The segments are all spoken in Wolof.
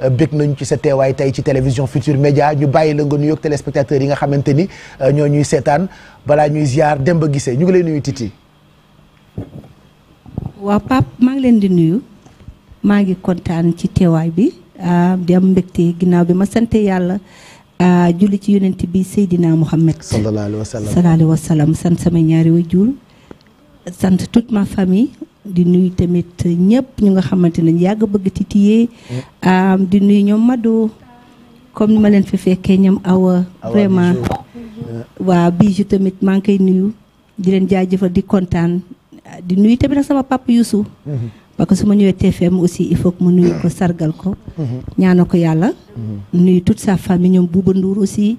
Euh, bég nañu ci sa teewaay tey ci télévision Futur Média ñu bàyyi la nga nuyoog téléspectateurs yi nga xamante ni euh, ñoo ñuy seetaan balaa ñuy ziar ba gisee ñu ngi leen nuyu Titi. waaw Pape maa ngi leen di nuyu maa ngi kontaan ci teewaay bi ah, di am ginnaaw bi ma sant yàlla. Ah, julli ci yonent bi Seydina Mohamed. sallallahu alayhi wa sallam sant sama ñaari waajur sant toute ma famille di nuyu tamit ñëpp ñu nga xamante ne yàgg bëgg titiyee mm. di nuyu ñoom Mado comme ni ma leen fi fekkee ñoom awa vraiment mm-hmm. waaw Bijou tamit maa ngi koy nuyu di leen jaajëfal di kontaan di nuyu tamit nag sama papa Youssou mm-hmm. parce que su ma ñëwee TFM aussi il faut que mu nuyu ko sargal ko mm-hmm. ñaana ko yàlla nuyu toute sa famille ñoom Bouba Ndour aussi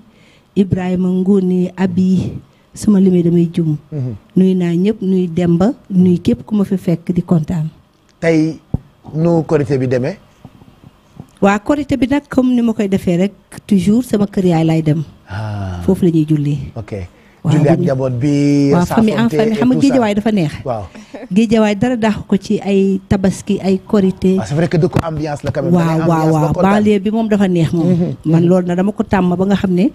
Ibrahima Ngoone Abi sama limee damay jum mhm. nuy naa ñëpp nuy dem ba nuy képp ku ma fi fekk di kontaan. tey nu korité bi deme waa korité bi nag comme ni ma koy defee rek toujours sama kër yaay laay dem. Ah. foofu la ñuy julli. julli ak njaboot bi. waaw famille en famille xam nga géejawaay dafa neex. waaw géejawaay dara daax ko ci ay tabaski ay korité. waaw ah, c'est vrai que dëkku ambiance la. tamit waaw waaw waaw banlieue bi moom dafa neex moom. Mm-hmm. man loolu na dama ko tàmm ba nga xam ne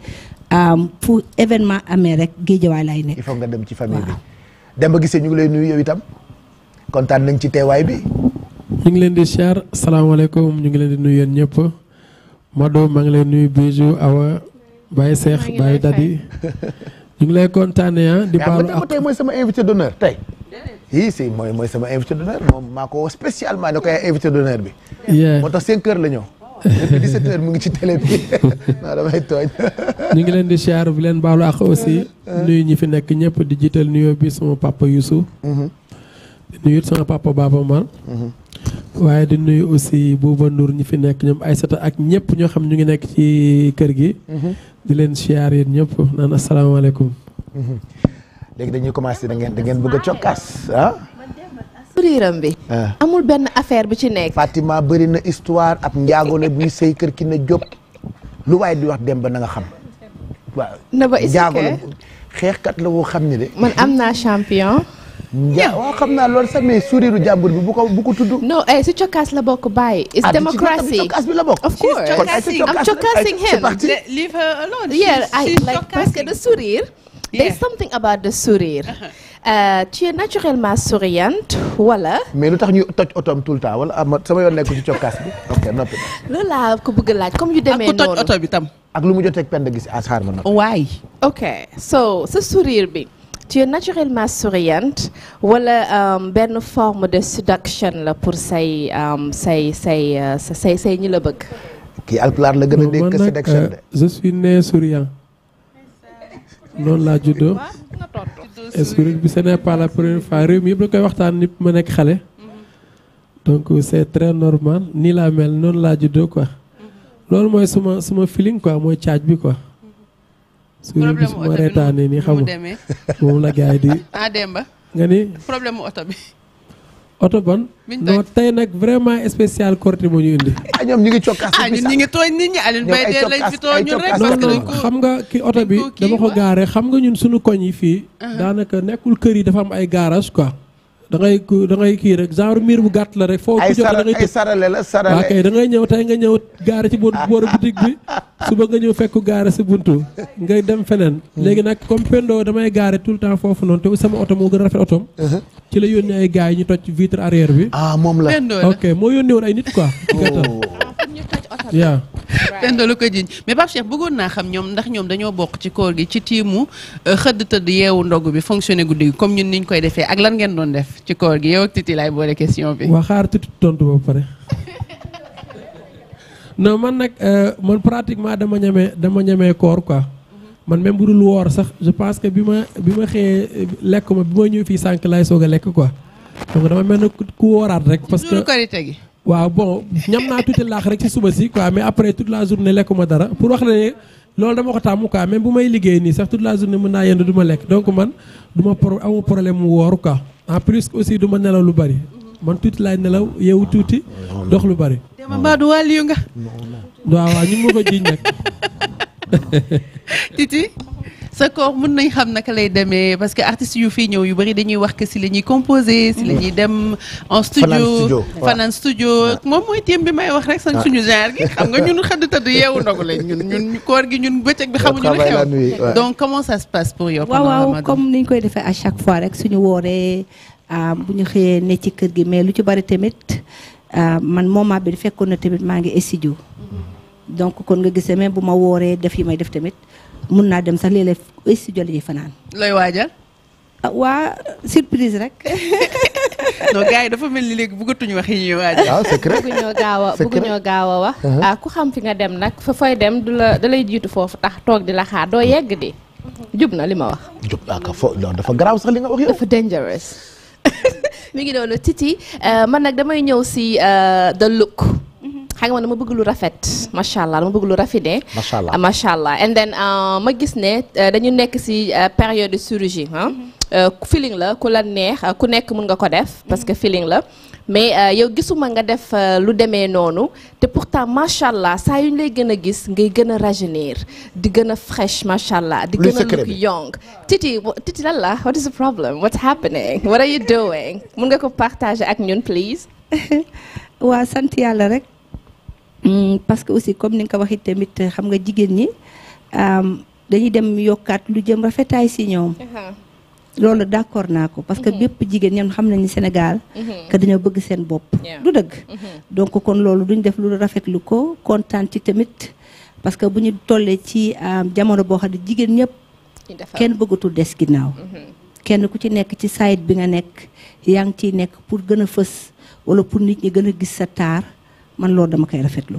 fu événement amee rek géejawaay laay nekk. il faut nga dem ci famille bi. dem ba gisee ñu ngi lay nuyu yow itam kontaan nañ ci teewaay bi. ñu ngi leen di siyaar salaamaaleykum ñu ngi leen di nuyu yéen ñëpp Mado maa ngi lay nuyu Bijou Awa Baye Cheikh Baye Dadi. ñu ngi lay kontaanee ah di baalu ak tey mooy sama invité d'honneur tey. yii si mooy mooy sama invité d'honneur moom maa ko spécialement da koy invité moo tax 5 heures la ñëw. depuis mu ngi ci télé bi non damay ñu ngi leen di siyaar bu leen baalu ak aussi uh-huh. nuyu ñi fi nekk ñëpp di jiital nuyoo bi sama papa Youssou. Mm-hmm. nuyu sama papa Baba Mar. Mm-hmm. waaye di nuyu aussi Bouba Ndour ñi fi nekk ñoom Aysata ak ñëpp ñoo xam ñu ngi nekk ci kër gi. Mhm. di leen siyaar yéen ñëpp naan asalaamaaleykum. Mhm. léegi dañuy commencé da ngeen da bëgg a cokkaas ah. souriram bi. Ah. amul benn affaire bu ci nekk. Fatima bëri na histoire ab njaagoole buy sëy kër ki na jóg lu waaye di wax dem ba nanga nga xam. waaw njaagoole xeexkat la woo xam ne de. man am naa champion. ja waaw xam naa lool sax mais sourire jàmbur bi bu ko bu ko tudd. non eh, si cokkaas la bokk bàyyi. is ah, democracy cokkaas bi la bokk. of course am cokkaasing him. leave her alone. yeah I like parce que the sourire. there's something about uh-huh. uh, mais lu tax ñu toj otoom tout le temps wala ah sama nekku ci cokkaas bi ok laa ko bëgg laaj comme yu demee noonu ak ku toj bi tam. ak lu mu jotee ak pend gis as sa sourire bi. tu es naturellement souriante wala euh, benn forme de séduction la pour say euh, say say euh, say say ñi la bëgg. kii alpulaar la gën a dégg séduction de. je laa juddoo. esprit bi ce n'est pas mi yëpp la koy waxtaan ni ma nekk xale. donc c'est très normal nii laa mel noonu laa juddoo quoi. Mm-hmm. loolu mooy suma suma feeling quoi mooy caaj bi quoi. problème mu oto bi nii xam nga moom la gars yi di. Ah, nga ni problème mu oto bi. oto ban. non tey nag vraiment spécial Korité moo ñu indi. ah ñoom ñu ngi cokkaas. ah ñun ñu ngi xam nga ki oto bi dama ko gaare xam nga ñun suñu koñ yi fii. Uh-huh. daanaka nekkul kër yi dafa am ay garage quoi. da ngay da kii rek genre miir bu gàtt la rek. foo ku jot da ngay ay sarale la sarale waaw kay da ngay ñëw tey nga ñëw gaare ci booru boutique bi fekk gaare si buntu ngay dem feneen. Hmm. léegi nag comme Pendo damay gaare tout le temps foofu noonu te sama oto moo gën a rafet otom uh-huh. ci la yónnee ay gars yi ñu toj vitre arrière bi. ah moom la ok moo yónnee woon ay nit quoi. Oh. ñu toj oto bi. waaw kenn du la ko jiñ mais Pape Cheikh bëggoon naa xam ñoom ndax ñoom dañoo bokk ci koor gi ci tiimu euh, xëdd tëdd yeewu ndogu bi fonctionné guddi gi comme ñun niñ koy defee ak lan ngeen doon def ci koor gi yow ak Titi laay boole question bi. waa xaar Titi tontu ba pare. non man nag euh, man pratiquement dama ñeme dama ñeme koor quoi. Mhm. man même bu dul woor sax je pense que bi ma bi ma xëyee lekk ma bi ma ñëw fii sànq laay soog a lekk quoi. dama mel ku wooraat rek. parce waaw bon ñam naa tuuti laax rek ci suba si quoi mais après toute la journée lekkuma dara pour wax la ne loolu dama ko tàmm quoi même bu may liggéey nii sax toute la journée mën naa yendu du ma lekk donc man du ma pro amu problème mu woor quoi en plus aussi du ma nelaw lu bari man tuuti laay nelaw yeewu tuuti dox lu bari. dama mbaa du wàll yu nga. waaw waaw ñu ngi ma ko jiiñ nag. sa corps mën nañ xam naka lay demee parce que artistes yu fii ñëw yu bëri dañuy wax que si la ñuy composé si la ñuy dem en studio fanaan studio moom mooy téem bi may wax rek sax ah. suñu genre gi nga ñun xëdd tëdd yeewu ndogu lañ ñun ñun koor bi xamuñu lu xew donc comment ça se passe pour yow koy defee à chaque fois rek suñu wooree ah, bu ñu xëyee ne ci kër gi mais lu ci bari tamit ah, man moom moment bi fekkoon na tamit maa ngi studio mm-hmm. donc kon nga gise même bu ma wooree def yi may def tamit mun naa dem sax léeg-léeg studio la fanaan. looy waajal. ah waa surprise rek. non gars yi dafa mel ni léegi bëggatuñu wax yi ñuy waajal. ah c'est vrai bëgguñoo gaaw gaaw a wax. Uh-huh. ah ku xam fi nga dem nag fa fooy dem du la da jiitu foofu tax toog di la xaar doo jub na li ma wax. jub ak dafa garaaw sax li nga wax yow. dafa dangerous. mi ngi doonu Titi euh, man nag damay ñëw si euh, the look. xam nga man dama bëgg lu rafet macha allah dama bëgg lu rafetee. macha allah macha allah and then euh, ma gis ne euh, dañu nekk si euh, période de chirurgie ah. feeling la ku la neex ku nekk mun nga ko def parce que mm-hmm. feeling la. mais yow gisuma nga def lu demee noonu te pourtant macha allah saa yu ñu lay gën a gis ngay gën a rajeunir di gën a fraîche macha allah. di gën a look young. Titi Titi lan la what is the problem what's happening what are you doing mun nga ko partager ak ñun please. waa sant yàlla rek. Mm, parce que aussi comme ni nga ko waxee tamit xam nga jigéen ñi dañuy dem yokkaat lu jëm rafetaay si ñoom. Uh-huh. loolu d'accord naa ko parce que mm-hmm. bépp jigéen ñoom xam nañu Sénégal mm-hmm. que dañoo bëgg seen bopp du dëgg mm-hmm. donc kon loolu duñ def lu rafetlu ko kontaan ci tamit parce que bu ñu tollee ci jamono boo xam ne jigéen ñëpp kenn bëggatul des ginnaaw kenn ku ci nekk ci sayit bi nga nekk yaa ngi ciy nekk pour gën a fës wala pour nit ñi gën a gis sa taar man loolu dama koy rafetlu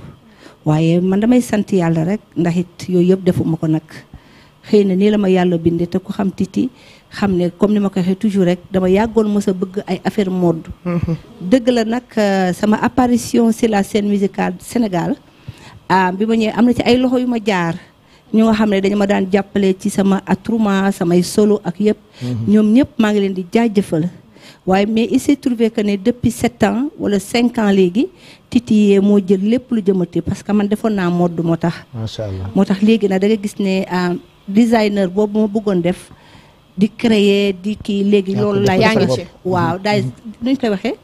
waaye man damay sant yàlla rek ndax it yooyu yëpp defuma ko nag xëy na nii la ma yàlla bindee te ku xam titi xam ne comme ni ma ko waxee toujours rek dama yàggoon mos a bëgg ay affaire mode. Mm-hmm. dëgg la nag euh, sama apparition sur la scène musicale Sénégal ah bi ma ñëwee am na ci ay loxo yu ma jaar ñu nga xam ne dañu ma daan jàppale ci sama attroupement samay solo ak yëpp. Mm-hmm. ñoom ñëpp maa ngi leen di jaajëfal. waaye mais il s'est trouvé que ne depuis sept ans wala cinq ans léegi titiyee moo jël lépp lu jëmati parce que man defoon naa modd moo tax. macha allah moo tax léegi nag dangay gis ne ah, designer boobu ma bëggoon def di créer di kii léegi. loolu la yaa ngi ci waaw daay mm-hmm. nuñ koy waxee.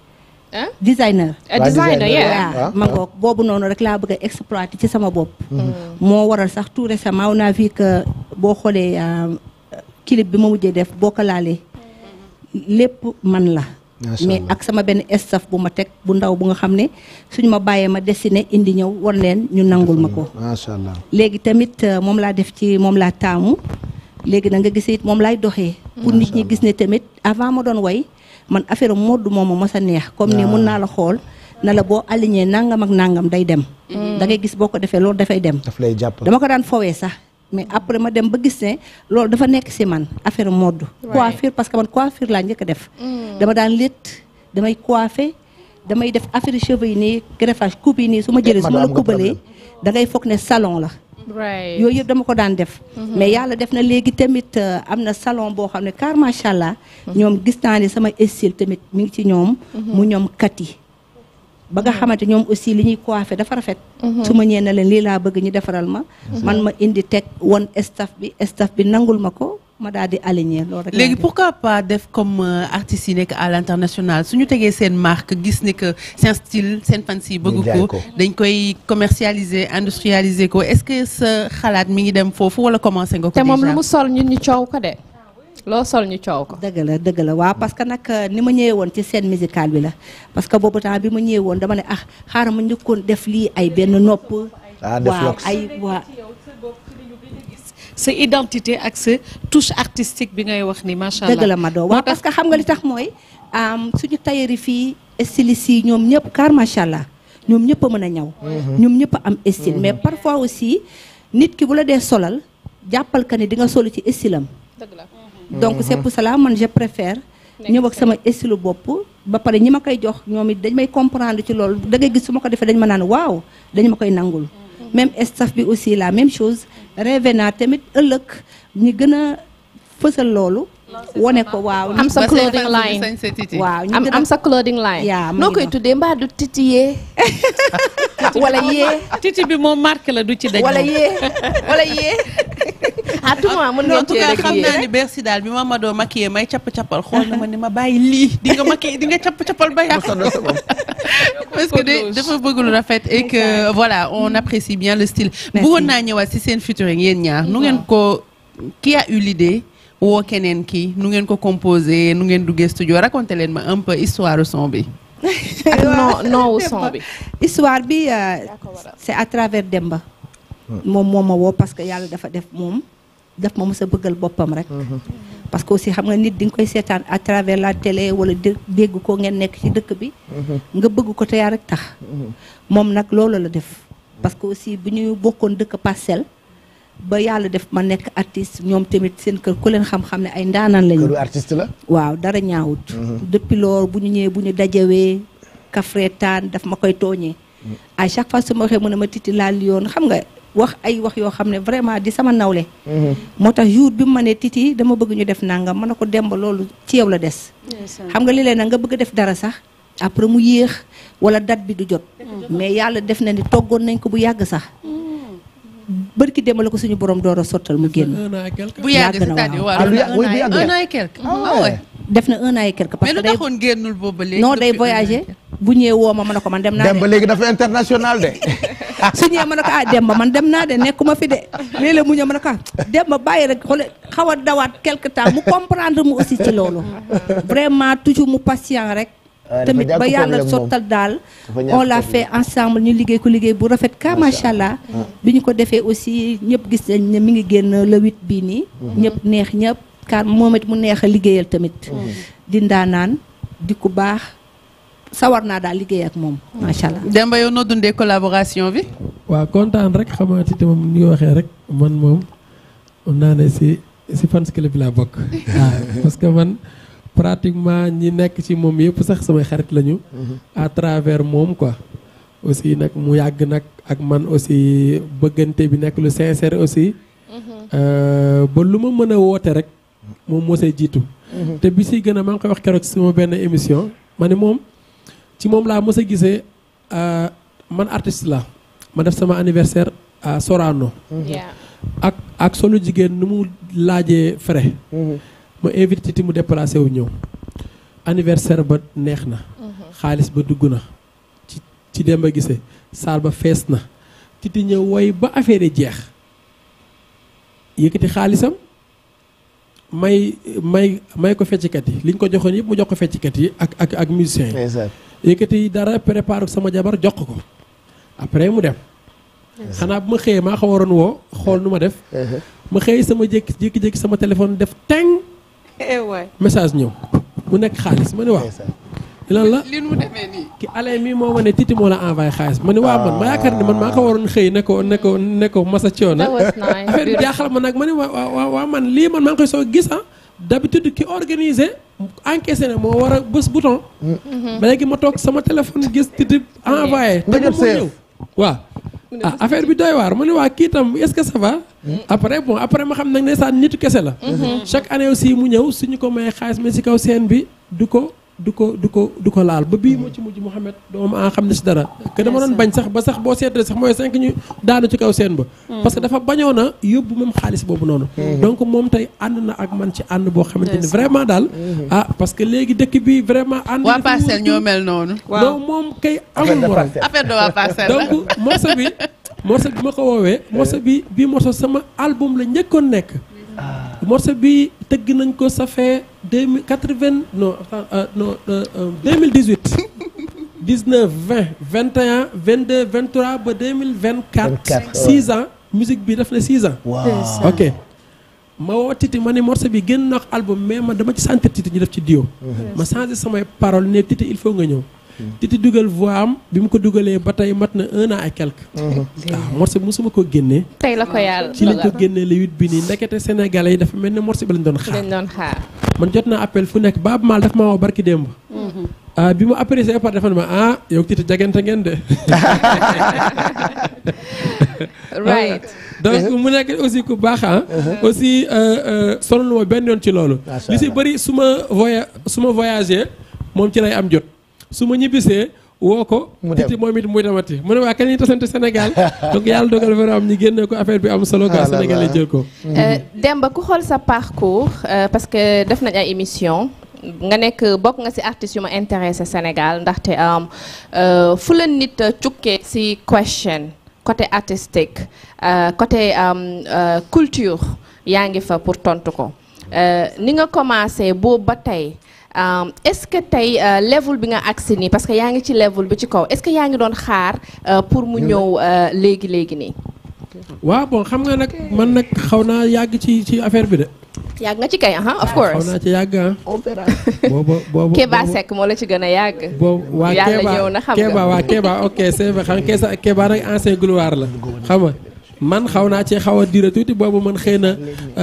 ah designer. designer ah, waaw ma boobu noonu rek laa bëgg a ci sama bopp. Mm-hmm. moo waral sax tout récemment on a vu que boo xoolee ah, clip bi ma mujjee def boo ko laalee. lépp man la mais ak sama benn staff bu ma teg bu ndaw bu nga xam ne suñu ma bàyyee ma dessiné indi ñëw war leen ñu nangul ma ko macha allah léegi tamit euh, moom laa def ci moom laa taamu léegi na nga gisee it moom laay doxee pour nit ñi gis ne tamit avant ma doon woy man affaire mode mooma mos a neex comme ni ah. mun naa la xool na la boo aligné nangam ak nangam day dem mm. da ngay gis boo ko defee loolu dafay dem daf lay jàpp dama ko daan fowee sax mais après ma dem ba gis ne loolu dafa nekk si man affaire mode coiffure parce que man coiffure laa njëkk def mm. dama daan lét damay coiffé damay def affaire cheveux yi nii greffage coupe yi nii su ma jëlee su ma la kubalee da foog ne salon la yooyu yëpp dama ko daan def mm-hmm. mais yàlla def na léegi tamit euh, am na salon boo xam ne car macha allah mm-hmm. ñoom gis naa ne sama style tamit mu ngi ci ñoom mu mm-hmm. ñoom kat yi ba nga mm-hmm. xamante ñoom aussi li ñuy coiffé dafa rafet mm-hmm. su ma ñëwee na leen lii laa bëgg ñu defaral ma man ma indi teg won staf bi staf bi nangul ma ko ma daal di aligné loolu rek léegi pourquoi pas def comme euh, artistes yi nekk à l' international suñu tegee seen marque gis ne que seen style seen fans yi bëgg ko dañ koy commercialiser industrialiser ko est ce que sa xalaat mi ngi dem foofu wala commencé nga ko te moom lu mu sol ñun ñu coow ko de loo sol ñu coow ko. dëgg la dëgg la waa parce que nag euh, ni ma ñëwee woon ci scène musicale bi la parce que boobu temps bi ma ñëwee woon dama ne ah xaaral ma njëkkoon def lii ay benn nopp. Ah, waaw ay waa. sa identité ak sa artistique bi ngay wax ni macha allah. la ma doo parce que xam nga li tax mooy suñu tailleur fii stylistes yi ñoom ñëpp car macha allah ñoom ñëpp mën a ñaw. Mhm. ñoom ñëpp a am style mhm. mais parfois aussi nit ki bu la dee solal jàppal ka ni di nga solu ci estilam dëgg la. donc c'est pour cela man je préfère ñëw sama estilu bopp ba pare ñi ma koy jox ñoom it dañ may comprendre ci loolu da ngay gis su ma ko defee dañ ma naan waaw dañ ma koy nangul même staff bi aussi la même chose rêvé naa tamit ëllëg ñi gën a fësal loolu wone ko waaw am sa clothing line waaw am sa clothing line yaa noo koy tuddee mbaa du titi yee wala yee titi bi moom marque la du ci daj wala yee à tout moment mën xam naa ni daal bi ma ma doo maquillé may capp cappal xool na ma ni ma bàyyi lii di nga maquillé di cappal ba yàq parce que dafa bëgg rafet et que voilà on apprécie bien le style bëggoon naa ñëwaat si seen featuring yéen ñaar nu ngeen ko qui a eu l'idée woo keneen kii nu ngeen ko composé nu ngeen duggee studio raconté leen ma un peu histoire son bi bi histoire bi euh, c'est à travers Demba moom moo ma woo parce que yàlla dafa def moom daf ma mës bëggal boppam rek. Mhm. parce que aussi xam nga nit di nga koy seetaan à travers la télé wala dégg ko ngeen nekk ci dëkk bi. Mhm. nga bëgg ko te yaa rek tax. Mhm. moom nag loolu la def. parce que aussi bu ñu bokkoon dëkk parcelle. ba yàlla def ma nekk artiste ñoom tamit seen kër ku leen xam ne ay ndaanaan lañu. këru artiste la. waaw dara ñaawut. depuis loolu bu ñu ñëwee bu ñu dajawee kafreetaan daf ma koy tooñee. à chaque fois su ma waxee mu ne ma titi laal yoon xam nga. wax ay wax yoo xam ne vraiment di sama nawle. Mhm. moo tax jour bi mu ma ne titi dama bëgg ñu def nangam mën na ko demba loolu ci yow la des. xam nga léeg-léeg nag nga bëgg def dara sax après mu yéex wala date bi du jot. Mhm. mais yàlla def na ni toggoon nañ ko bu yàgg sax. Mhm. bërki demal ko suñu borom door a sottal mu génn. bu yàgg na waaw bu yàgg un an et quelque ah, ah, ah, def na un an et quelque parce que day taxoon génnul boobu ba léegi non day voyagé bu ñëwee woo ma mën na ko man dem naa dem ba léegi dafa international de. su ñëwee ma ne ko ah Demba man dem naa de nekkuma fi de léeg-léeg mu ñëw ma ne ko ah Demba bàyyi rek xool xaw a dawaat quelque temps mu comprendre mu aussi ci loolu vraiment toujours mu patient rek ah, tamit ba yàlla sottal daal on l'a fait ensemble ñu liggéey ku liggéey bu rafet ka macha allah ah. bi ñu ko defee aussi ñëpp gis nañ ne mi ngi génn le huit bii nii mhm. ñëpp neex ñëpp car moom it mu neex a liggéeyal tamit mhm. di naan di ku baax sawar naa daal liggéey ak moom macha allah. Demba yow noo dundee collaboration bi. waaw kontaan rek xamaati te moom ni nga waxee rek man moom mun naa ne si si fans club bi laa bokk. parce que man pratiquement ñi nekk ci moom yëpp sax samay xarit lañu. Mhm. à travers moom quoi. aussi nag mu yàgg nag ak man aussi bëggante bi nekk lu sincère aussi. Mhm. Euh, ba lu ma mën a woote rek moom moo see jiitu. Mhm. te bi si gën a maa ngi koy wax keroog ci sama benn émission ma ne moom. ci moom laa mës a gisee euh, man artiste la ma def sama anniversaire à Sorano ak ak solo jigéen nu mu laajee frais mm-hmm. ma invité ti mu déplacé wu ñëw anniversaire ba neex na mm-hmm. xaalis ba dugg na ci dem ba gise saal ba fees na titi ñëw woy ba affaire yi jeex yëkkati xaalisam may may may ko fecckat yi liñ ko joxoon yëpp mu jox ko fecckat yi ak ak ak musiciens yi yëkkati dara préparé sama jabar jox ko après mu dem. xanaa bu ma xëyee maa xaw waroon woo xool nu ma def. ma xëyee sama jékki jékki-jékki sama téléphone def teng. Eh message ñëw mu nekk xaalis ma ne waaw. lan la li mu demee nii. ki ale mi ma ne titi moo waa man ma yaakaar ne man maa ko waroon xëy ne ko ne ko ne ko masa bi jaaxal ma nag ma ne waa waa man lii man maa ngi koy soo gis ah. d'habitude ki organisé encaissé na moo war a bës bouton. Mhm. ba léegi ma toog sama téléphone gis titib envoyé. nga jot ñëw waaw. ah affaire bi doy waar ma ne waa kii tam est-ce que ça mhm. après bon après ma xam nag ne saa nitu kese la. Mhm. chaque année aussi mu ñëw su ñu ko may xaalis ma si kaw seen bi du ko. du ko du ko du ko laal ba bii moo ci mujj Mouhamed doomu a xam ne si dara que dama doon bañ sax ba sax boo seetlee sax mooy cinq ñu daanu ci kaw seen ba hmm. parce que dafa bañoon a yóbbu même xaalis boobu noonu hmm. donc moom tey ànd na ak man ci ànd boo xamante ni vraiment daal hmm. ah parce que léegi dëkk bi vraiment ànd waa ñoo mel noonu non moom kay amul morom affaire de waa parcelle donc morceau bi ma ko woowee morceau bi bii morceau sama album la njëkkoon nekk Ah. morceau bi tëgg nañ ko ça fait deux mille quatre vingt no non euh, euh, euh, deux mille dix huit dix neuf vingt vingt et un vingt deux vingt trois ba deux mille vingt quatre six ans musique bi def na six ans. waaw ok. ma woo Titi ma ne morceau bi génn na album mais man dama ci sentir Titi ñu def ci dio ma changé samay parole ne Titi il faut nga ñëw. titi dugal voix am bi mu ko dugalee ba tey mat na un an et quelque waaw mhm. ah, ah, morceau bi mosuma ko génnee tey la ko ci lañ ko génnee le huit bi nii ndekete sénégalais yi dafa mel ni morceau bi lañ doon xaar man jot naa appel fu nekk Baaba Maal daf ma woo barki démb mhm. ah, bi mu apprécié par dafa ma ah yow titi jagante ngeen de right donc mu nekk aussi ku baax ah uh-huh. aussi euh, euh, sonal ma benn yoon ci loolu li si bëri su ma voya su ma voyagé moom ci lay am jot su ma ñibbisee woo ko iti moom it muy demati mu ne waa kañ lañu tasante Sénégal donc yàlla dogal fa am ñu génne ko affaire bi am solo ah ga Sénégal jël ko mm-hmm. euh, Demba ku xool sa parcours euh, parce que def nañ ay émission nga nekk bokk nga ci artistes yu ma intéressé Sénégal ndaxte um, euh, fu la nit cukkee ci question côté artistique côté um, culture yaa ngi fa pour tontu ko ni nga commencé boobu ba tey Um, est-ce que tey euh, level bi nga agsi nii parce que yaa ngi ci level bi ci kaw est-ce que yaa ngi doon xaar euh, pour mu ñëw euh, léegi léegi nii. waaw bon xam nga nag man nag xaw naa yàgg ci ci affaire bi de. yàgg nga ci kay uh-huh, ah of course. xaw naa ah. moo la ci gën a yàgg. boobu waa Kéba ñëw na xam nga Kéba waa Kéba ok c'est vrai xam nag ancien gloire la xam nga. man xaw naa cee xaw a dire tuuti boobu man xëy na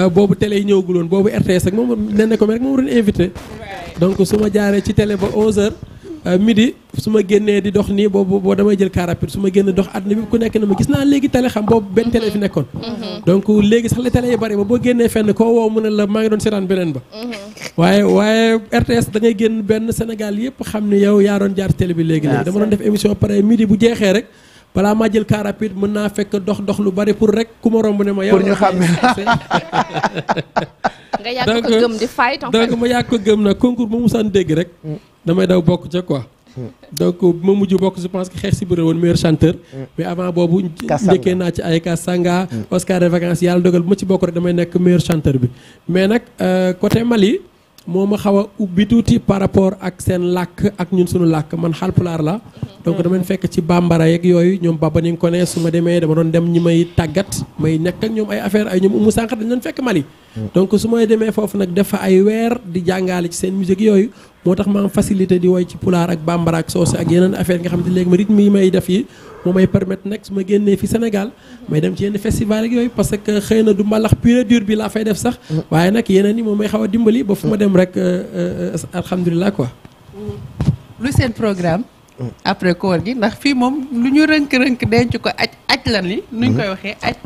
boobu télé yi ñëwaguloon boobu RTS ak moom nee na ko rek moom doon donc su ma jaaree ci télé ba 11h euh, midi su ma génnee di dox nii boobu boo damay jël car rapide su ma génn dox àdduna bi ku nekk na ma gis naa léegi télé xam boobu benn télé bi nekkoon. Mm-hmm. donc léegi sax la télé yi bari ba boo génnee fenn koo woo mu ne la maa ngi doon seetaan beneen ba. Mm-hmm. waaye waaye RTS da ngay génn benn Sénégal yëpp xam ni yow yaa doon jaar télé bi léegi léegi. dama doon def émission pare midi bu jeexee rek. balaa maa jël car rapide mën naa fekk dox dox lu bari pour rek ku ma romb ne ma. yow pour ñu xam nga yàgg ko gëm di donc ma yàgg ko gëm nag concours ma musaan dégg rek. Mm. damay daw bokk ca quoi. donc bi ma mujj bokk je pense que xeex si bëre woon maire chanteur. Mm. mais avant boobu. njëkkee naa ci ay Kasanga. Mm. Oscar de vacances yàlla dogal bu ma ci bokk rek damay nekk meilleur chanteur bi. mais nag euh, côté Mali. moo ma xaw a ubbi tuuti par rapport ak seen làkk ak ñun suñu làkk man xalpulaar la donc dama fekk ci bambara yeeg yooyu ñoom baba ni nga ko ne su ma demee dama doon dem ñi may tàggat may nekk ak ñoom ay affaire ay ñoom umu sànq dañ doon fekk Mali hmm. donc su may demee foofu nag dafa ay weer di jàngaale ci seen musique yooyu moo tax ma am facilité di woy ci pulaar ak bambara ak soose ak yeneen affaire nga xam ne léegi ma rythme yi may def yi moo may permettre nag su ma génnee fi Sénégal may dem ci yenn festival ak yooyu parce que xëy na du mbalax pure dure bi laa fay def sax waaye nag yeneen yi moom may xaw a dimbali ba fu ma dem rek euh, euh, alhamdulilah quoi lu seen programme après koor gi ndax fii moom lu ñu rënk-rënk denc ko aj aj lan li nuñ koy waxee aj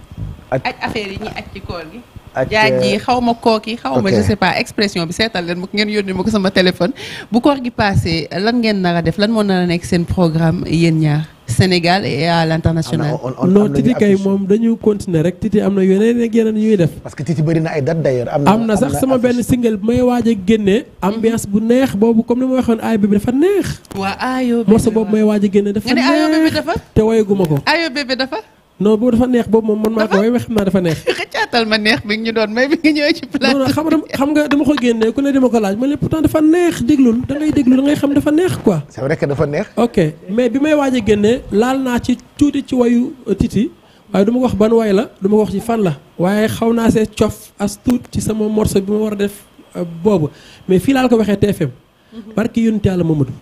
aj affaire yi ñuy aj ci koor gi ak jaaj ji euh, xaw ma kooki xaw ma je sais pas expression bi seetal leen ma ngeen yónni ma ko sama téléphone. bu koor gi passé lan ngeen nar a def lan moo na a nekk seen programme yéen ñaar Sénégal et à l'international. Ah non Titi kay moom dañu continuer rek Titi am na yeneen ñuy def. parce que Titi bëri na ay date d'ailleurs. am am na sax sama benn single bu may waaj a génne. ambiance bu neex boobu comme ni ma waxoon ayo dafa neex. waaw ayo bébé morceau boobu may waaj a génne dafa neex nga ne ayo bébé te woyaguma ko ayo bébé dafa. non boobu dafa neex boobu moom man maa ko waaye xam naa dafa neex xëccaatal ma neex bi ñu doon may bi nga ñëwee ci dama ko génnee ku ne dama ko laaj ma ne pourtant dafa neex déglul da ngay déglu da ngay xam dafa neex quoi c'est vrai que dafa neex ok mais bi may waaj génnee laal naa ci tuuti ci wayu euh, titi waaye du ma ko wax ban way la du ko wax ci fan la waaye xaw naa see cof as tuut ci sama morceau bi ma war a def euh, boobu mais fii laa ko waxee TFM mhm. barki yunte yàlla Mamadou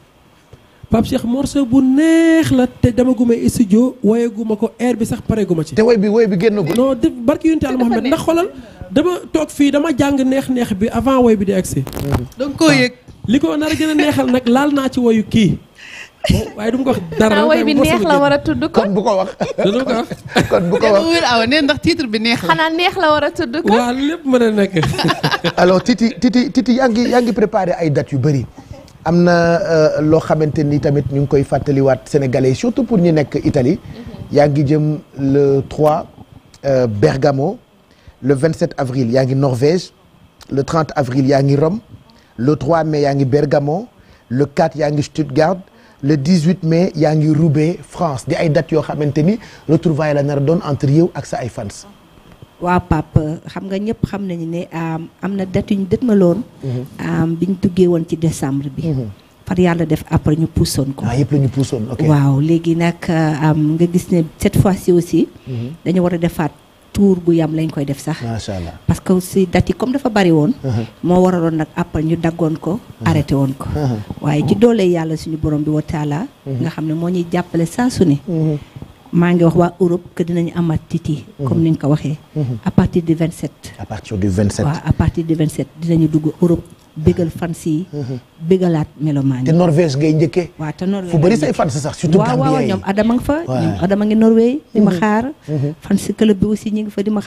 Pape Cheikh morceau bu neex la te dama guma studio woyeguma ko air bi sax pare guma ci. te woy bi woy bi génnagul. non def barki yonent Yàlla Muhammad ndax xoolal dama toog fii dama jàng neex-neex bi avant woy bi di agsi. donc koo yëg. li ko nar a gën a neexal nag laal naa ci woyu kii. waaye du ko dara woy bi neex la war a tudd kon bu ko wax kon bu ko wax wér ndax titre bi neex la neex la war a tudd kon lépp mën a nekk alors titi titi yaa ngi yaa ngi préparé ay dates yu bëri am na euh, loo xamante ni tamit ñu ngi koy fàttaliwaat sénégalais surtout pour ñu nekk Italie. Mhm. yaa ngi jëm le 3 euh, Bergamo le 27 avril yaa ngi Norvège le 30 avril yaa ngi Rome le 3 mai yaa ngi Bergamo le 4 yaa ngi Stuttgart le 18 mai yaa ngi Roubaix France di ay dates yoo xamante ni retrouvailles la nar doon entre yow ak sa ay fans. waaw Pape xam nga ñëpp xam nañu ne am na date yu ñu dëtmaloon. Mhm. bi ñu duggee woon ci décembre bi. Mhm. far yàlla def après ñu puusoon ko. ah yëpp la ñu waaw léegi nag euh, nga gis ne cette fois si aussi. Mhm. dañu war a defaat. tour bu yam lañ koy def sax. macha allah parce que si date yi comme dafa bari woon. moo waraloon nag appal ñu daggoon ko. arrêté woon ko. waaye ci doole yàlla suñu borom bi wa taala nga xam ne moo ñuy jàppale saa su ne. maa ngi wax waa Europe que dinañu amaat titi. Mhm. comme ni nga ko waxee. Mhm. à partir du 27. à partir du 27 waaw à partir du 27 dinañu dugg Europe bégal fans yi. Mhm. bégalaat melomaan yi. te Norvège ngay njëkkee. waaw te Norvège fu bëri say fans sax surtout. Gambien yi nga fa. ma xaar. fans club bi aussi ñu ngi fa di ma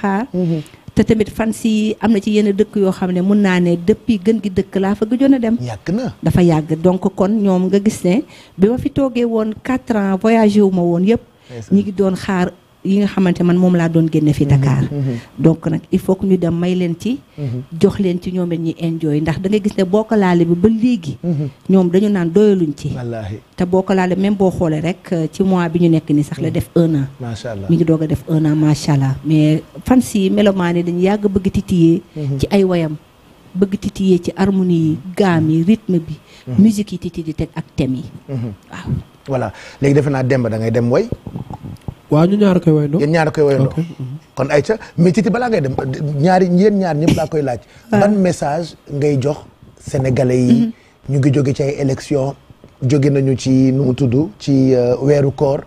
te tamit fans yi am na ci yenn dëkk yoo xam ne mun naa ne depuis gën gi dëkk laa fa gëjoon a dem. yàgg na dafa yàgg donc kon ñoom nga gis ne bi ma fi toogee woon 4 ans voyagé wuma woon yëpp. ñu ngi doon xaar yi nga xamante man moom laa doon génne fi mm-hmm, Dakar mm-hmm. donc nag il faut que ñu dem may leen ci mm-hmm. jox leen ci ñoom it ñuy enjoy ndax dangay gis ne boo ko laale bi ba léegi ñoom dañu naan doyaluñ ci te boo ko laale même boo xoolee rek euh, ci mois bi ñu nekk ni sax la def un an mi ngi doog def un an macha allah mais fans yi melomaan yi dañu yàgg bëgg titiyee ci ay woyam bëgg titiyee ci harmonie yi gaam yi rythme bi musique yi titi di teg ak thème voilà léegi defe naa Demba da ngay dem way waaw ñu ñaar koy wayandoo yéen ñaar koy wayandoo kon ay ca mais Titi balaa ngay dem ñaari yéen ñaar ñëpp laa koy laaj ban message ngay jox sénégalais yi mhm. ñu ngi joge ci ay élection jóge nañu ci nu mu tudd ci euh, weeru koor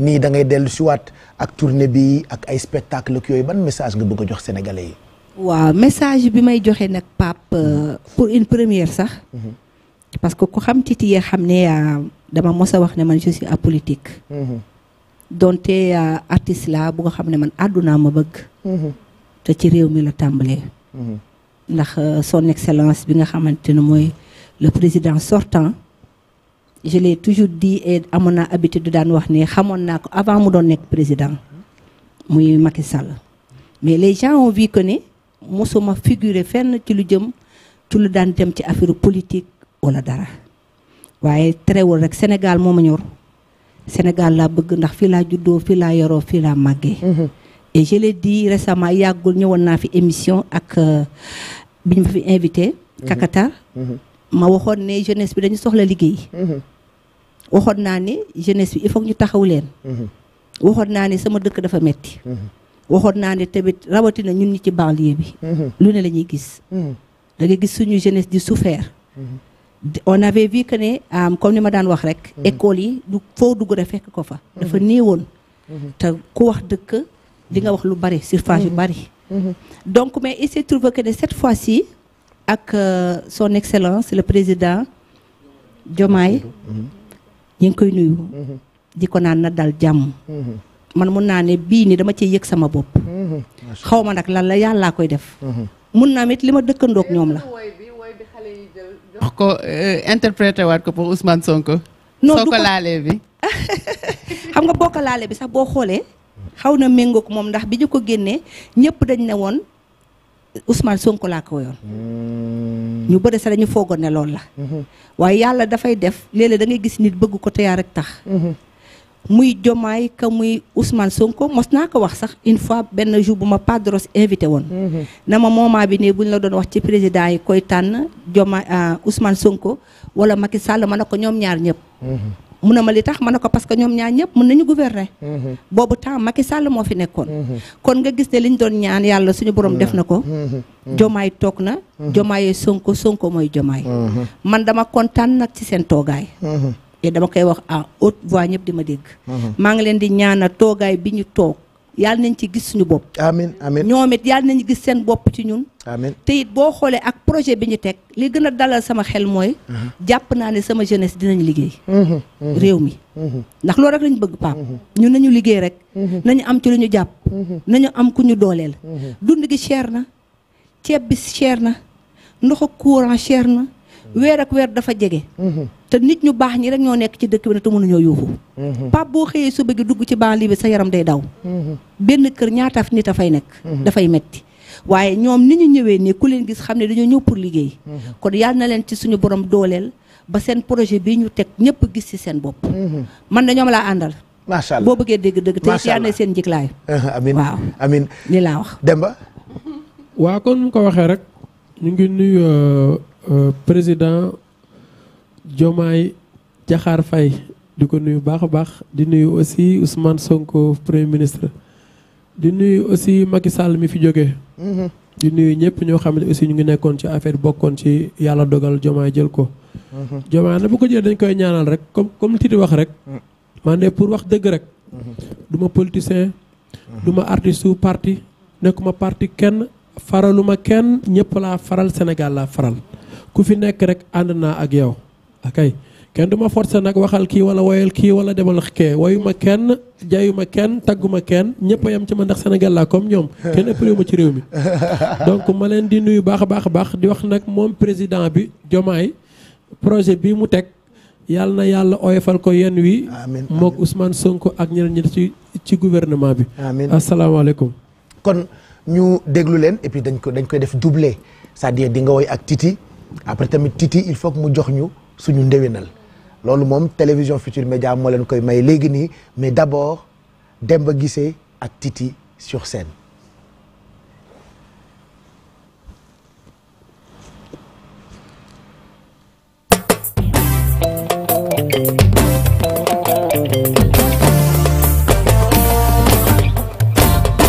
nii da ngay dellu siwaat ak tournée bi ak ay spectacle yooyu ban message nga bëgg a jox sénégalais yi waaw message bi may joxe nag Pape euh, mhm. pour une première sax mhm. parce que ku xam Titi ya xam ne euh, dama mos a wax ne man je suis apolitique. Mm-hmm. donte euh, artiste laa bu xam ne man àddunaa ma bëgg. Mm-hmm. te ci réew mi la tàmbalee. Mm-hmm. ndax euh, son excellence bi nga xamante ne mooy le président sortant je l'ai toujours dit et amoon naa habitude daan wax ne xamoon naa ko avant mu doon nekk président muy Macky mais les gens ont vu que ne mosuma figurer fenn ci lu jëm ci lu daan dem ci affaire politique wala dara. waaye terewul rek Sénégal moo ma ñor Sénégal laa bëgg ndax fii laa juddoo fii laa yoroo fii laa màggee. Mm-hmm. et je l'ai yàggul ñëwoon naa fi émission ak euh, bi ñu ma fi invité. Mm-hmm. Kakatar. Mm-hmm. ma waxoon ne jeunesse bi dañu soxla liggéey. waxoon naa ne jeunesse bi il faut ñu taxaw leen. waxoon naa ne sama dëkk dafa metti waxoon naa ne tamit rawatina ñun ñi ci banlieue bi. lu ne la gis. da gis suñu jeunesse di souffert. on avait vu que ne comme ni ma daan wax rek. Mhm. école yi du foo dugg rek fekk ko fa. Mhm. dafa néewoon. Mhm. te ku wax dëkk di nga wax lu bari surface yu bari. donc mais il s'est trouvé que ne cette fois-ci ak euh, son excellence le président Diomaye. ñu ngi koy nuyu. di ko naan na dal jàmm. man mun naa ne bii ni dama cee yëg sama bopp. xaw ma nag lan la yàllaa koy def. mun naa mit li ma dëkkandook ñoom la. wax ko euh, interprété waat ko pour Ousmane Sonko. non soo ko laalee bi. xam nga boo ko laalee bi sax boo xoolee. xaw na méngoog moom ndax bi ñu ko génnee ñëpp dañ ne woon usmaan Sonko laa ko yoon hmm. ñu bëri sax dañu foogoon ne loolu la. Hmm. waaye yàlla dafay def léeg-léeg gis nit bëgg ko te yaa rek tax. Hmm. muy Diomaye ka muy Ousmane Sonko mos naa ko wax sax une fois benn jour bu ma Padros invité woon. Mhm. na ma moment bi bu ñu la doon wax ci président yi koy tànn Diomaye euh, Ousmane Sonko wala Macky Sall ma ne ko ñoom ñaar ñëpp. Mhm. mun na ma li tax ma ne ko parce que ñoom ñaar ñëpp mun nañu gouverner. Mhm. boobu temps Macky Sall moo fi nekkoon. kon nga gis ne liñ doon ñaan yàlla suñu borom def na ko. Diomaye toog na. Diomaye Sonko Sonko mooy Diomaye. man dama kontaan nag ci seen toogaay. et dama koy wax à haute voix ñëpp di ma dégg. Mhm. maa ngi leen di ñaanal toogaay bi ñu toog yàlla nañ ci gis suñu bopp. amiin amiin ñoom it yàlla nañ gis seen bopp ci ñun. amiin te it boo xoolee ak projet bi ñu teg li gën a dalal sama xel mooy. Mhm. jàpp naa ne sama jeunesse dinañ liggéey. Mhm, réew mi. ndax loolu rek lañ bëgg Pape. ñu nañu liggéey rek. nañu am ci lu ñu jàpp. nañu am ku ñu dooleel. dund gi cher na ceeb bi cher na ndoxu courant cher na. weer ak weer dafa jege. Mm-hmm. te nit ñu baax ñi rek ñoo nekk ci dëkk bi ne te mënuñoo yuuxu. Mm-hmm. pap boo xëyee su bëgg dugg ci banlieue bi sa yaram day daw. Mm-hmm. benn kër ñaata nit a fay nekk. dafay metti waaye ñoom ni ñu ñëwee nii ku leen gis xam ne dañoo ñëw pour liggéey. kon yal na leen ci suñu borom dooleel ba seen projet bi ñu teg ñëpp gis ci seen bopp. man de ñoom laa àndal. macha boo bëggee dégg dëgg te yal na seen njëglaay. Uh-huh, amin waaw amin li laa wax. Demba. wa kon mu ko waxee rek ñu Euh, président Diomaye Diakhar fay di ko nuyu baax baax di nuyu aussi Ousmane Sonko premier ministre di nuyu aussi Macky Sall mi fi jóge mm-hmm. di nuyu ñëpp ñoo xam ne aussi ñu ngi nekkoon ci affaire bokkoon ci yàlla dogal Diomaye jël ko. Mm-hmm. Diomaye na bu ko jëlee dañ koy ñaanal rek comme comme di wax rek. Mm-hmm. man de pour wax dëgg rek. du ma politicien. du ma artiste su parti nekkuma parti kenn faraluma kenn ñëpp laa faral Sénégal laa faral. ku fi nekk rek ànd naa ak yow akay kenn du ma forcer nag waxal kii wala woyal kii wala demal kee woyuma kenn jayuma kenn tagguma kenn ñëpp a yem ci ma ndax Sénégal laa comme ñoom kenn ëppale ma ci réew mi donc ma leen di nuyu baax a baax a baax di wax nag moom président bi jomaay projet bi mu teg yàlla na yàlla oyofal ko yenn wi mook Ousmane Sonko ak ñeneen ñi ci ci gouvernement bi asalaamaaleykum kon ñu déglu leen et dañ ko dañ koy def doublé cest à di nga woy ak Titi après tamit Titi il faut que mu jox ñu suñu ndewenal loolu moom télévision Futur Média moo leen koy may léegi nii mais d'abord Demba Guissé ak Titi sur scène.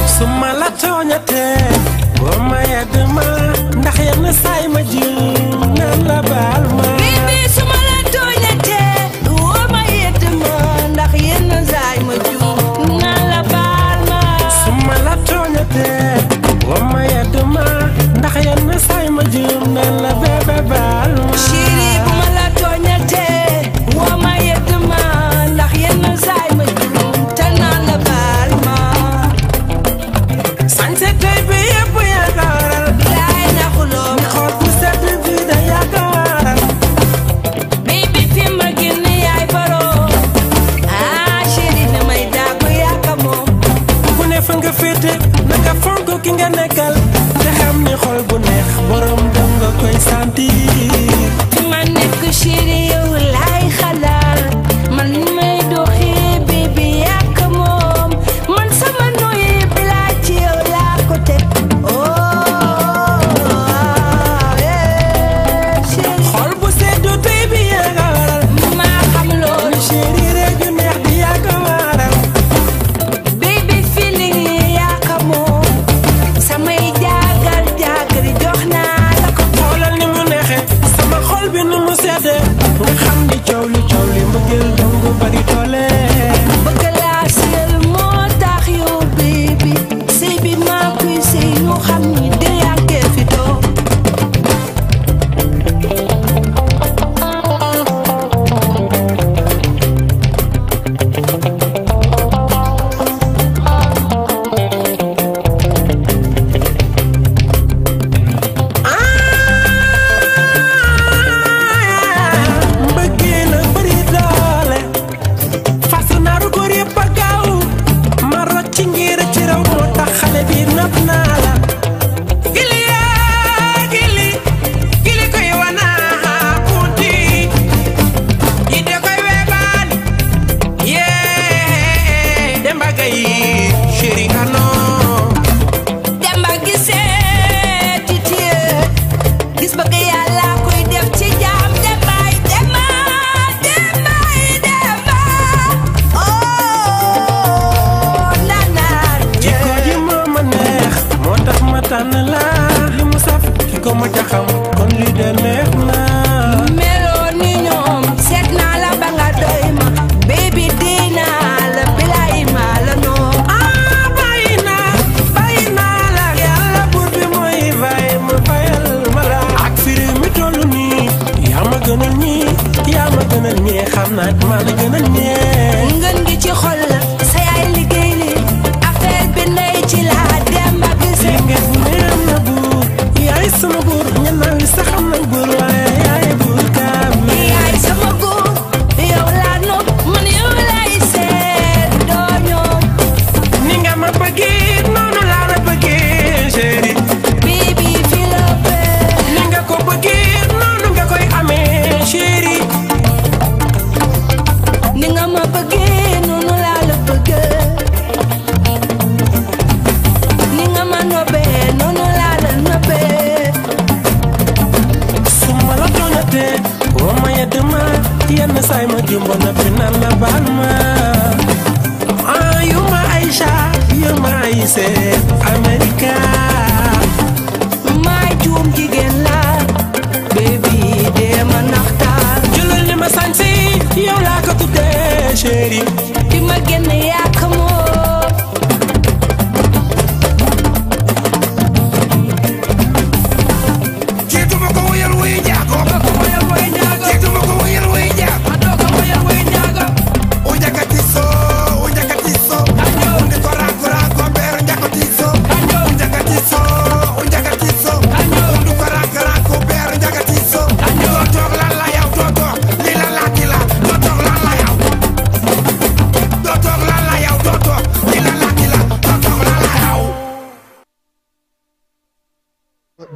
su ma la tooñatee boo ma yedd ma ndax yenn saay ma ji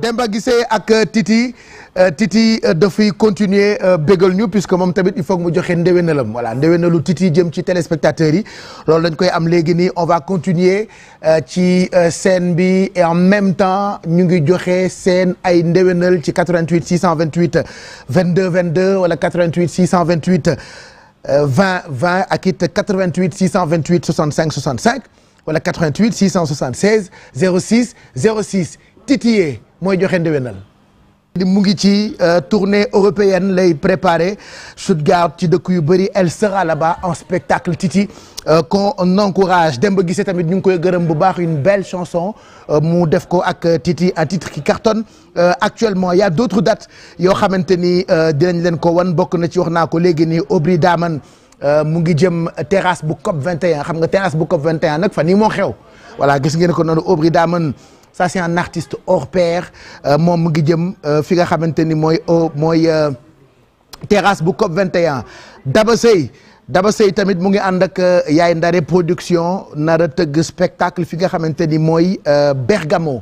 Demba Guissé ak euh, Titi euh, Titi euh, dafay continuer bégal ñu puisque moom tamit il faut mu joxe ndéwénalam voilà ndéwénalu Titi jëm ci téléspectateurs yi loolu dañ koy am léegi ni on va continuer ci seen bi et en même temps ñu ngi joxe seen ay ndéwénal ci 88 628 22 22 wala 88 628 20 20 ak it 88 628 65 65 wala 88 676 06 06 titillé. mooy joxe ndéwénal mu ngi ci euh, tournée européenne lay préparé Stuttgart ci dëkk yu bëri elle sera là-bas en spectacle Titi euh, qu'on encourage ba Guissé tamit ñu ngi koy gërëm bu baax une belle chanson euh, mu def ko ak Titi un titre qui cartonne actuellement y a d'autres dates yoo xamante ni dinañ leen ko wan bokk na ci wax naa ko léegi nii Aubry Daman mu ngi jëm terrasse bu COP 21 xam nga terrasse bu COP 21 nag fan yii moo xew voilà gis ngeen ko noonu Aubry Daman ca c'est un artiste hors pair euh, moom mu ngi jëm euh, fi nga xamante ni mooy euh, mooy terrasse bu COP 21 Daba Sey Daba Sey tamit mu ngi ànd ak Yaay Ndare production nar a tëgg spectacle fi nga xamante ni mooy Bergamo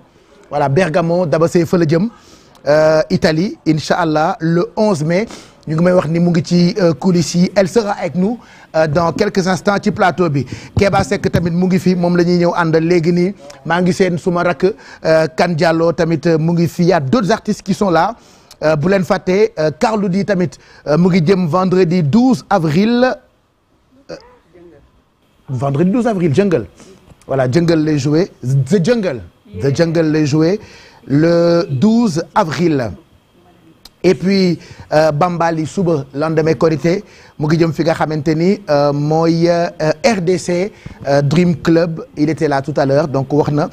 voilà Bergamo Daba Sey fa la jëm itali incha allah le 11 mai. ñu ngi may wax ni mu ngi ci euh, coulisses yi elle sera avec nous euh, dans quelques instants ci plateau bi Kéba Seck tamit mu ngi fi moom lañuy ñuy ñëw àndal léegi nii maa ngi seen suma rakk euh, Kane Diallo tamit mu ngi fi y a d'autres artistes qui sont là bu leen fàtte Carlou D tamit mu ngi jëm vendredi 12 avril vendredi 12 avril jungle voilà jungle lay joué The Jungle The Jungle lay joué le 12 avril et euh, Bambali suba lendemain Korité mu ngi jëm fi nga xamante ni euh, mooy euh, RDC Dream Club il était là tout à l'heure donc wax na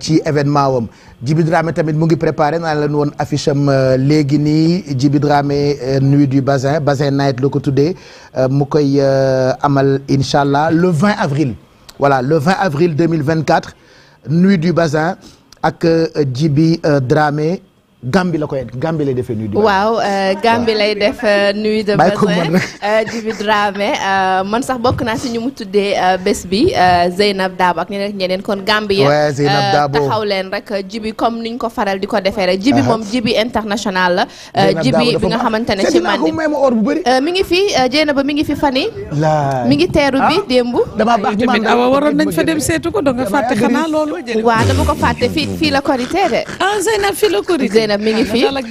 ci événement wam Djiby Dramé tamit mu ngi préparé naa leen woon affiche am léegi nii Djiby Dramé nuit du Bazin Bazin night la ko tuddee mu koy amal incha allah le 20 avril voilà le 20 avril 2024 nuit du Bazin ak Djiby Dramé Gambi la koy Gambi lay defee nuyu de. waaw euh, Gambi lay def euh, nuyu de. bàyyi ko man euh, Djiby man sax bokk naa si ñu mu tuddee bés bi Zeynab Dabo ak ñeneen ñeneen kon Gambi yéen Zeynab Dabo taxaw leen rek Djiby comme niñ ko faral di ko defee rek. Djiby moom Djiby international la. Djiby bi nga xamante ne ci man mi ngi fi ba mi ngi fi fan yi mi ngi teeru bi ah. démb. damaa baax ñu man awa waroon nañ fa dem seetu ko doo nga fàtte xanaa loolu. waaw dama ko fàtte fii fii la korité de. ah Zeynab fii la korité mi ngi fi